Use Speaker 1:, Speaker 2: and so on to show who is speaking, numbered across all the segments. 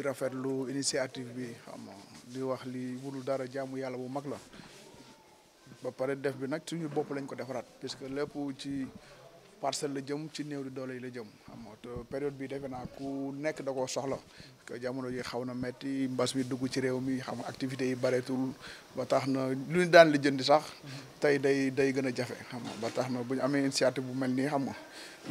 Speaker 1: di rafetlu initiative bi xam li wax li wudul dara jaamu yàlla bu mag la ba pare def bi nag suñu bopp lañ ko defaraat puisque lépp ci parcelle la jëm ci néew di doole yi la jëm xam nga période bi defe naa ku nekk da ko soxla que jamono ji xaw na metti mbas mi dugg ci réew mi xam activité activités yi bareetul ba tax na lu ñu daan li jëndi sax tey day day gën a jafe xam tax na bu ñu amee initiative bu mel nii xam nga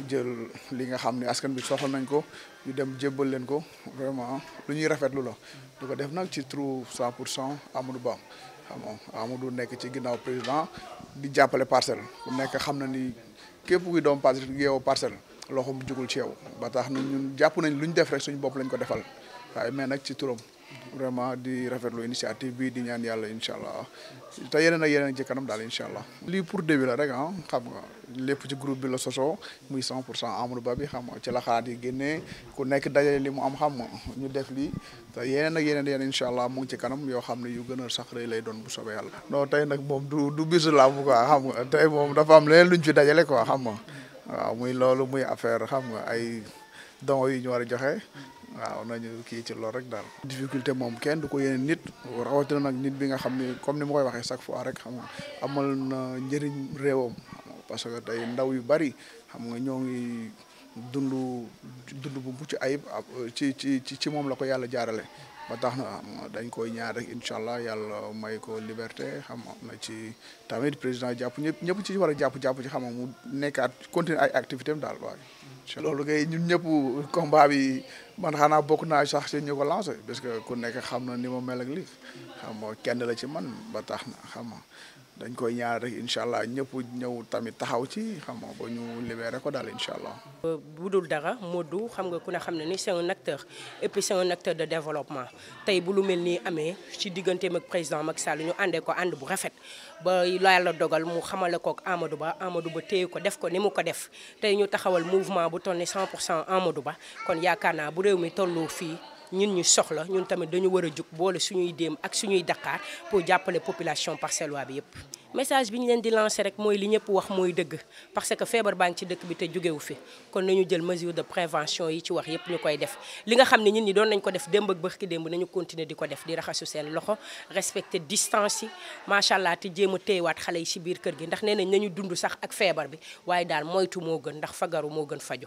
Speaker 1: jël li nga xam ne askan bi soxla nañ ko ñu dem jébbal leen ko vraiment lu ñuy rafetlu la du ko def nag ci trou 100 pour cent Amadou Ba xam nga Amadou nekk ci ginnaaw président di jàppale parcelle ku nekk xam na ni képp kuy doom pas yeewoo parcelle loxoom jugul ci yow ba tax na ñun jàpp nañ lu ñu def rek suñu bopp lañ ko defal waaye mais nag ci turam vraiment di rafetlu initiative bi di ñaan yàlla incha allah te yeneen ak yeneen ci kanam daal incha allah. lii pour début la rek ah xam nga lépp ci groupe bi la sosoo muy 100 pour cent Amadou Ba bi xam nga ci la xalaat yi génnee ku nekk dajale li mu am xam nga ñu def lii te yeneen ak yeneen yeneen incha allah mu ci kanam yoo xam ne yu gën a sax rëy lay doon bu sobee yàlla. doo tey nag moom du du bisu làmb quoi xam nga tey moom dafa am leneen luñ fi dajale quoi xam nga muy loolu muy affaire xam nga ay. donc yi ñu a joxe waaw nañu kii ci loolu rek daal. difficulté moom kenn du ko yeneen nit rawatina nag nit bi nga xam ni comme ni ma koy waxee chaque fois rek xam nga amal na njëriñ réewam parce que tey ndaw yu bari xam nga ñoo ngi dund. dund bu mucc ayib ah, ci ci ci moom la ko yàlla jaarale ba tax na ah, dañ koy ñaar rek incha allah yàlla may ko liberté xam na ci tamit président jàpp ñëpp ñëpp ci war a jàpp-jàpp ci xam mu nekkaat continuer ay activité am daal waaye loolu kay ñun ñëpp combat bi man xanaa bokk naa sax si ñu ko lancé parce que ku nekk xam na ni ma mel ak lii xam kenn la ci man ba tax na xam dañ koy ñaar rek incha allah ñëpp ñëw tamit taxaw ci xam nga ba ñu libéré ko daal incha allah.
Speaker 2: bu dul dara Modou xam nga ku ne xam ne ni c'est un acteur et puis de développement tey bu lu mel nii amee ci digganteem mag président Macky Sall ñu àndee ko ànd bu rafet ba yàlla dogal mu xamale kook Amadou Ba Amadou Ba téye ko def ko ni mu ko def tey ñu taxawal mouvement bu ton ni 100 pour cent Amadou Ba kon yaakaar naa bu réew mi tolloo fii. ñun ñu soxla ñun tamit dañu war juk boole suñuy dem ak suñuy Dakar pour jàppale population parcelois bi yépp message bi ñu leen di lancer rek mooy li ñëpp wax mooy dëgg parce que feebar baa ngi ci dëkk bi te jógewu fi kon nañu jël mesure de prévention yi ci wax yëpp ñu koy def li nga xam ne ñun ñi doon nañ ko def démb ak bërki démb nañu continuer di ko def di raxasu seen loxo respecter distance yi macha allah te jéem a téyewaat xale yi ci biir kër gi ndax nee nañ nañu dund sax ak feebar bi waaye daal moytu moo gën ndax fagaru moo gën faju